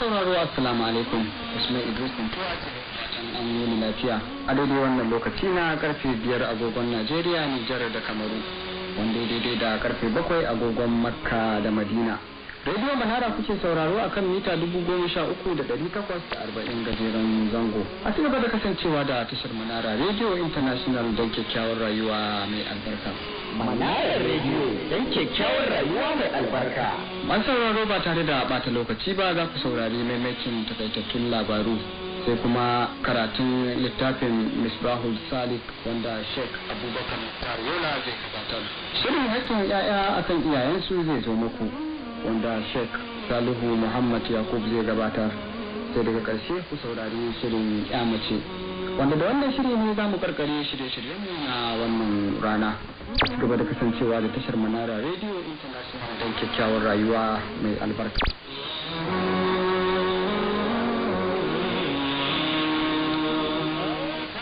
sauraro assalamu alaikum ismail idris an yi lafiya a daidai wannan lokaci na karfe biyar agogon najeriya nijar da kamaru wanda daidai da karfe bakwai agogon makka da madina rediyo manara kuke sauraro a kan mita dubu goma sha uku da ɗari takwas da arba'in gajeren zango a ci da kasancewa da tashar manara rediyo international don kyakkyawar rayuwa mai albarka don kyakkyawar rayuwa mai albarka. ban sauraro ba tare da bata lokaci ba za ku saurari maimakin takaitattun labaru sai kuma karatun littafin misbahul salik wanda sheikh abubakar tariola zai gabatar shirin haƙƙin ya'ya akan iyayensu zai zo muku wanda sheikh salihu muhammad yakub zai gabatar sai daga ƙarshe ku saurari shirin ya mace wanda da wannan shiri ne za mu karkare shirye-shiryen na wannan rana gaba da kasancewa da tashar manara radio international don kyakkyawar rayuwa mai albarka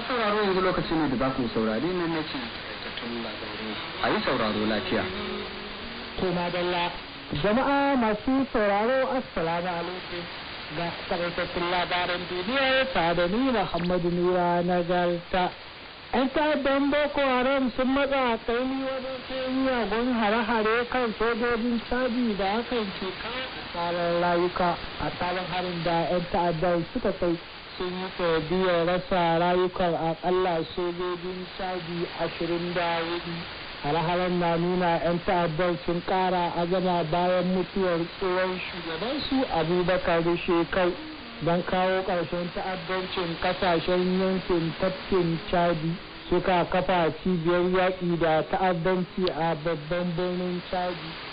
sauraro yanzu lokaci ne da za ku saurari nan na ce a yi sauraro lafiya to dalla jama'a masu sauraro assalamu alaikum ga takaitattun labaran duniya ya da ni muhammadu nura na galta 'yan ta'addan boko haram sun matsa a wani tsaini sayan gun hare-hare kan sojojin sabi da hakan ke kawo rayuka a tsarin harin da 'yan ta'addar suka kai sun yi fadiyar rasa rayukan akalla sojojin sabi ashirin da wuri hare-haren na nuna 'yan ta'addar sun kara azama bayan mutuwar tsohon shugabansu abubakar shekau don kawo ƙarshen ta'addancin ƙasashen yankin tafkin chadi suka kafa cibiyar yaƙi da ta'addanci a babban birnin chadi